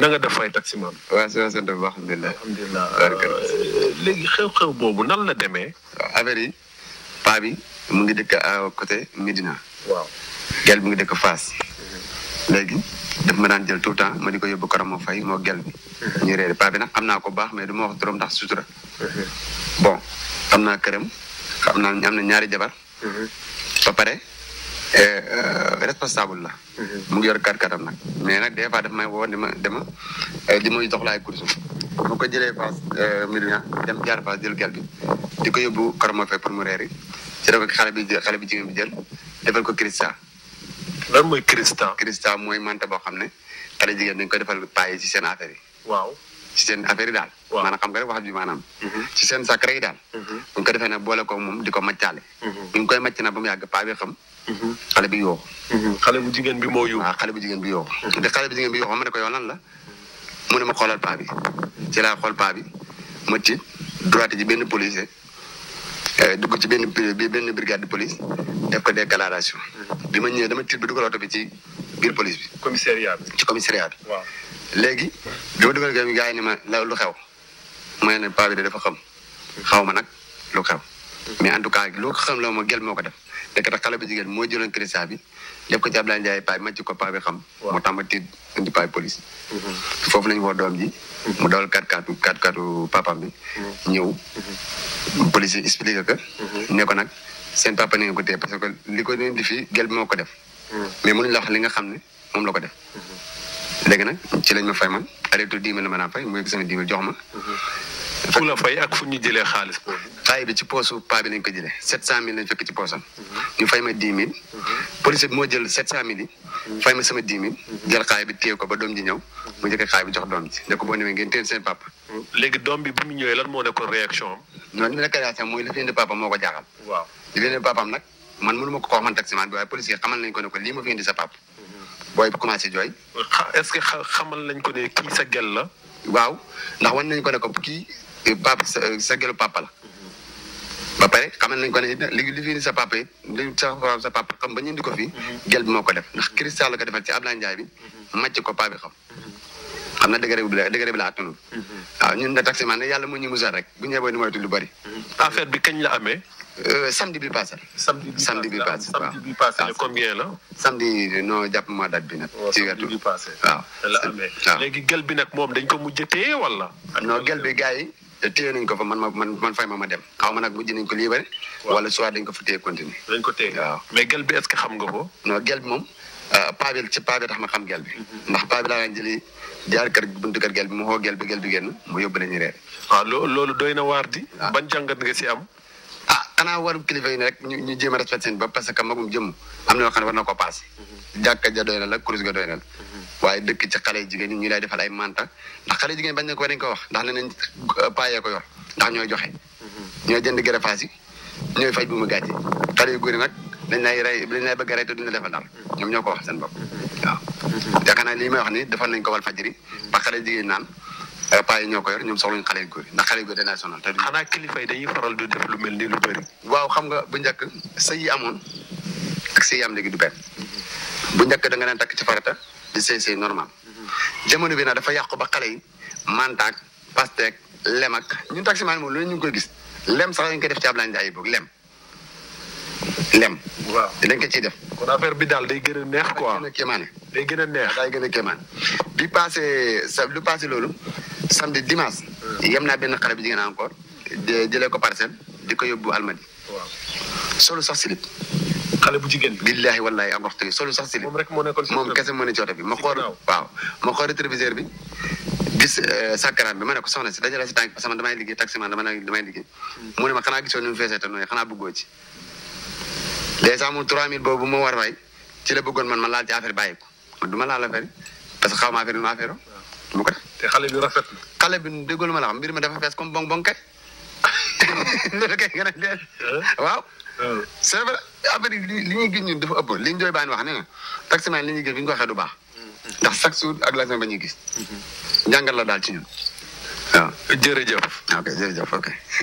na nga def fay taxi maam. waaw soo sant bu léegi xew-xew boobu nan la demee. waaw affaire yi paa bi mu ngi dëkk à côté Medina. waaw gel mu ngi dëkk Fass. léegi daf ma daan jël tout le temps ma di ko yóbbu Karamo Faye moo gel bi. Mhm. ñu réeré paa bi nag am naa ko baax mais du ma wax ndax sutura. Mhm. bon am naa këram xam naa am na ñaari jabar. Mhm. ba pare. Eh, eh, responsable la. mu ngi yor kàrkaaram nag mais nag des fois daf may woo ne ma di eh, li muy dox laay course mu ko jëlee paas million dem jaar paas jël gel bi di ko yóbbu karamoo fekk pour mu reer yi ci ko xale bi xale bi jigéen bi jël defal ko cristal. lan mooy cristal. mooy mante boo xam ne xale jigéen dañ ko defal paille ci seen affaire waaw. ci seen affaire daal maanaam xam nga rek wax bi maanaam mm-hmm. ci seen sacré yi daal bu mm-hmm. ko defee nag boole ko moom di ko maccaale bi mm-hmm. ñu koy macc nag ba mu yàgg paa bi xam xale bi yoo xale bu jigéen bi moo yoo waaw xale bu jigéen bi yoo te xale bu jigéen bi yoo xam ne ko yow lan la mu ne ma xoolal paa bi ci laa xool paa bi ma ci droite ji benn policier eh, dugg ci benn benn brigade de police def ko déclaration bi ma ñëwee dama tiit bi dugal oto bi ci biir police bi commissariat bi ci commissariat bi waaw léegi bi ma dugal kër ma la lu xew ma ne paa bi de dafa xam xaw ma nag lu xew mais en tout cas loo ko ma gel moo ko def nekk tax xale bu jigéen mooy jëloon cristal bi def ko ci Abdoulaye njaay paa bi ma ci ko paa xam moo tax ma tiit indi paa police mhm. foofu lañu woo doom ji mhm. mu dawal kat katu kat katu papam bi mhm. ñëw police expliqué que ne nag seen papa ni nga ko téye parce que li ko indi fii gel bi moo ko def mais mënuñ la wax li nga xam ne moom la ko def léegi nag ci lañ ma fay man arrêté dix mille la ma naa fay mu yëg sama dix jox ma. fu la fay ak fu ñu jëlee xaalis boobu. taay bi ci poosu paa bi ko jëlee sept cent mille lañ fekk mhm. ma mhm. moo jël sept cent mille yi. Mhm. fay ma sama dix mille. jël xaay bi téye ko ba doom ji ñëw. mu njëkk xaay bi jox doom ji ne ko boo demee ngeen téye seen papa. léegi doom bi bu ñëwee lan moo nekkoon réaction am. non li ma nekk réaction mooy li fi indi papa moo ko jaaxal. waaw li fi indi papaam nag man mënu ko ko man ne ko lii indi sa papa booy bi commencé jooy. est-ce que xamal nañ ko ne kii sa gel la. waaw ndax wan nañ ko ne ko kii eh, papa sa gelu papa la. ba pare xamal nañ ko ne li li fi sa papa it li sa sa papa xam ba ñu indi ko fi. Mhm. gel bi moo ko def ndax cristal la ko defal ci Ablaye Ndiaye bi. màcc mhm. ko paa bi xam. xam na degré bi la degré bi la attanul. Mhm. waaw ñun de taximaan ne yàlla moo ñu musal rek bu ñëwee ni moytu lu bari. affaire bi kañ la amee. Euh, samedi bi passé. samedi bi passé ah. waaw samedi bi passé le combien la. samedi non jàpp ma date bi nag. Oh, ci wetu waaw. léegi gel bi nag moom dañ ko mujj téye wala. non gel bi gars yi. téye nañ ko fa man ma man man fay ma ma dem xaw ma nag mujj nañ ko libéré. wala soit dañ ko fa te continuer. dañ ko téye waaw mais gel bi est xam nga ko. non gel bi moom. Euh, paa paa bi tax ma xam gel bi. Mm-hmm. ndax paa bi laa jëli jaar kër buntu kër gel bi mu xoo gel bi gel bi génn mu yóbbu la ñu reer. waaw ah, loolu doy na waar di. ban jàngat nga si am. xanaa waru kilifa yi ne rek ñu ñu jéem a respecté seen bopp parce que magum jëm am na yoo xam ne war na ko paase. Mhm. jàkka ja doy na la kurus ga doy na la. Mhm. waaye dëkk ci xale jigéen ñi ñu lay na ko dañ ko wax ndax nee nañ paayee ko yor ndax ñooy joxe. Mhm. ñooy jënd gërëfaas yi ñooy faj bu mu gàcce xale yu góor yi nag dañ lay rey dañ lay bëgg a rey te duñ la defal dara ñoom ñoo ko wax seen bopp waaw. yaakaar naa lii wax ni defal nañ ko wal fajri ba xale jigéen naan apa yi yor ñoom soxluñ xale góor yi ndax xale góor dana sonal te kilifa yi dañuy faral du def lu mel lu bëri waaw xam nga bu ak am du bu da nga ci farata di normal jamono bi nag dafa yàqu ba xale yi mantaak pasteek lem ak lu ñu gis lem sax dañ koy def ci lem lem waaw dañ ko ciy def kon affaire bi daal day neex quoi day neex day bi passé sa lu passé samedi dimanche. yem naa benn xale bi jigéen encore. jëlee ko parcelle di ko yóbbu almadi. solo solu sax silib xale bu jigéen bi. billaahi wallaahi ak waxtu solu sax silib moom rek moo nekkoon moom kese moo ne cooto bi ma xool. waaw ma xool rétroviseur bi. gis sàkkaraan bi ma ko soxna si dajale si tànk parce damay liggéey taxi man damay liggéey. mu ne ma xanaa gisoo ni mu feesee te nooy ci. dèjà moom 3000 boobu moo war fay ci la bëggoon man man laal ci affaire bàyyi ko laal affaire parce que xaw affaire ma affaire bu ko def. te xale bi rafet xale bi déggoo lu ma la mbir ma dafa fess comme bong kat loolu kay gën a waaw. c'est vrai affaire yi li ñi gën ñun dafa ëpp li ñoy jooy wax ne taxi man li ñi gën bi nga waxe du baax. Hmm. ndax chaque jour ak hmm. la ñu gis. njàngal la dal ci ñun. Hmm. waaw jërëjëf. ok jërëjëf ok.